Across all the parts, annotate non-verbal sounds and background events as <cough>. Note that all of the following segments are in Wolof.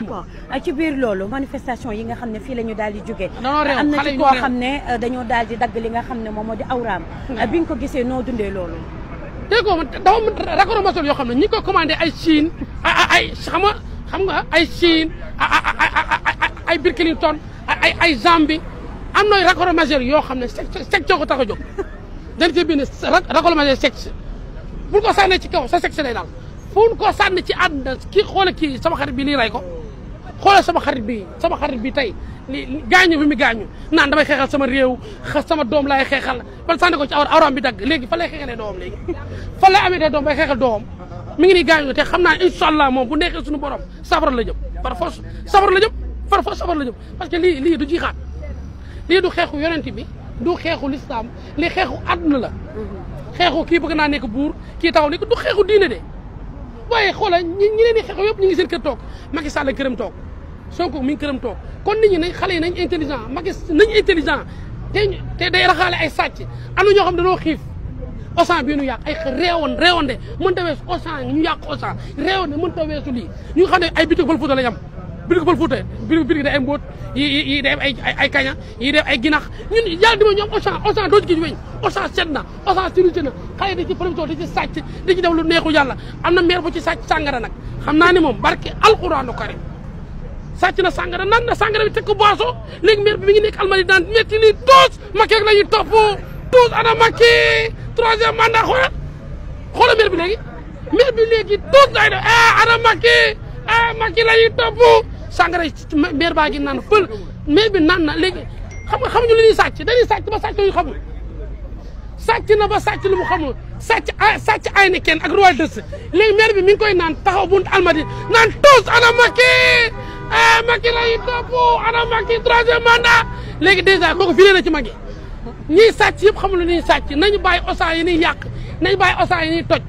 d'accord euh, ci biir loolu manifestation yi nga xam ne fii la ñu daal di jógee am na ci koo xam ne euh, dañoo daal di dagg li nga xam ne moom moo di awraam euh, bi nga ko gisee noo dundee loolu déggoo ma dafa racoro mosol yoo xam ne ñi ko commandé ay Chine ay xam nga xam nga ay Chine ay Birkilington ay ay Zambie am na raccord majeur yoo xam ne sexe ko tax a jóg dañ ci bind raccord majeur sexe bu ko sànnee ci kaw sa sexe day daal fu ko sànni ci àdduna kii xoole kii sama xarit bi nii ray ko xoolal sama xarit bi sama xarit bi tey li gaañu bi mu gaañu naan damay xeexal sama réew xa sama doom laay xeexal man sànni ko ci awra awraam bi dagg léegi fan lay xeexalee doomam léegi <laughs> fan lay amee doom bay xeexal doomam mi ngi ni gaañu te xam naa incha allah moom bu neexee suñu borom safara la jëm par force safara la jëm far force safara la jëm parce que lii lii du jiixaat lii du xeexu yonent bi du xeexu lislaam li xeexu àdduna la xeexu kii bugg naa nekk buur kii taxaw nekk du xeexu diine de waaye xoolal ñi leen di xeexu yëpp ñu ngi toog Macky Sall këram toog Sonko mi ngi këram toog kon nit ñi nañ xale yi nañ intelligent Macky nañ intelligent te te day raxaale ay sàcc am na ñoo xam dañoo xiif osan bii nu yàq ay réewoon réewonde mën ta weesu osan ñu yàq osan réewonde mën ta weesu lii ñu nga xam ne ay bitig fal fuuta la yam bitig fal fuuta bitig day ay mbóot yi yi day ay ay kaña yi def ay ginax ñun yàlla dima ñoom osan osan doo ci weñ osan set na osan siruté na xale da ci profito da ci sàcc da ci def lu neexu yàlla am na maire bu ci sàcc sàngara nag xam naa ne moom barke alxuraanu karim sàcc na sàngara nan na sàngara bi teg ko boisson léegi bi mi ngi nekk almadi daan métti nii tous Macky rek la ñuy topp tous ana Macky troisième mandat xoolal eh, eh, la ñuy topp sàngara bi na léegi xam nga xamuñu sàcc dañuy sàcc ba sàcc lu na ba sàcc lu mu xamul sàcc ay ah, sàcc ay bi mi ngi koy naan taxaw bunt almadi naan tous ana Macky ah Macky lay topp ana Macky troisième mandat léegi dèjà kooku viré na ci Macky ñiy sàcc yëpp xamul ni ñuy sàcc nañu bàyyi osaan yi ñuy yàq nañu bàyyi osaan yi ñuy toj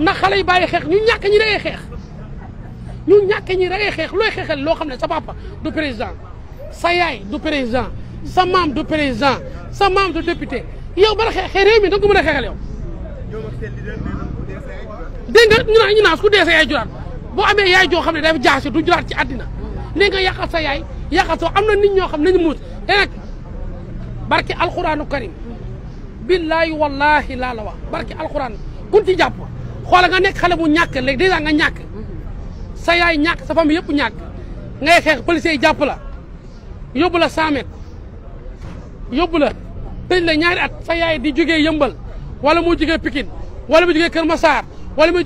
ndax xale yi bàyyi xeex ñu ñàkk ñi day xeex ñu ñàkk ñi day xeex looy xeexal loo xam ne sa papa du président sa yaay du président sa maam du président sa maam du député yow ba xeexee réew mi da nga ko mën a yow dégg nga ñu naan ñu naan ku dee sa yaay juraat bo amé yaay jo xamné dafa jaase du juraat ci adina li nga yakal sa yaay yakato amna nit ñoo xamné ñu mut té nak barke alxuraanu karim billahi wallahi la la wax barke alxuraan kun ci japp xol nga nek xalé bu ñak lé dèjà nga ñak sa yaay ñak sa fam yépp ñak ngay xex police yi la yobula 100 mètres la la ñaari at sa yaay di jógee yëmbal wala mo jógee Pikine wala mo jógee Kër Massar wala mo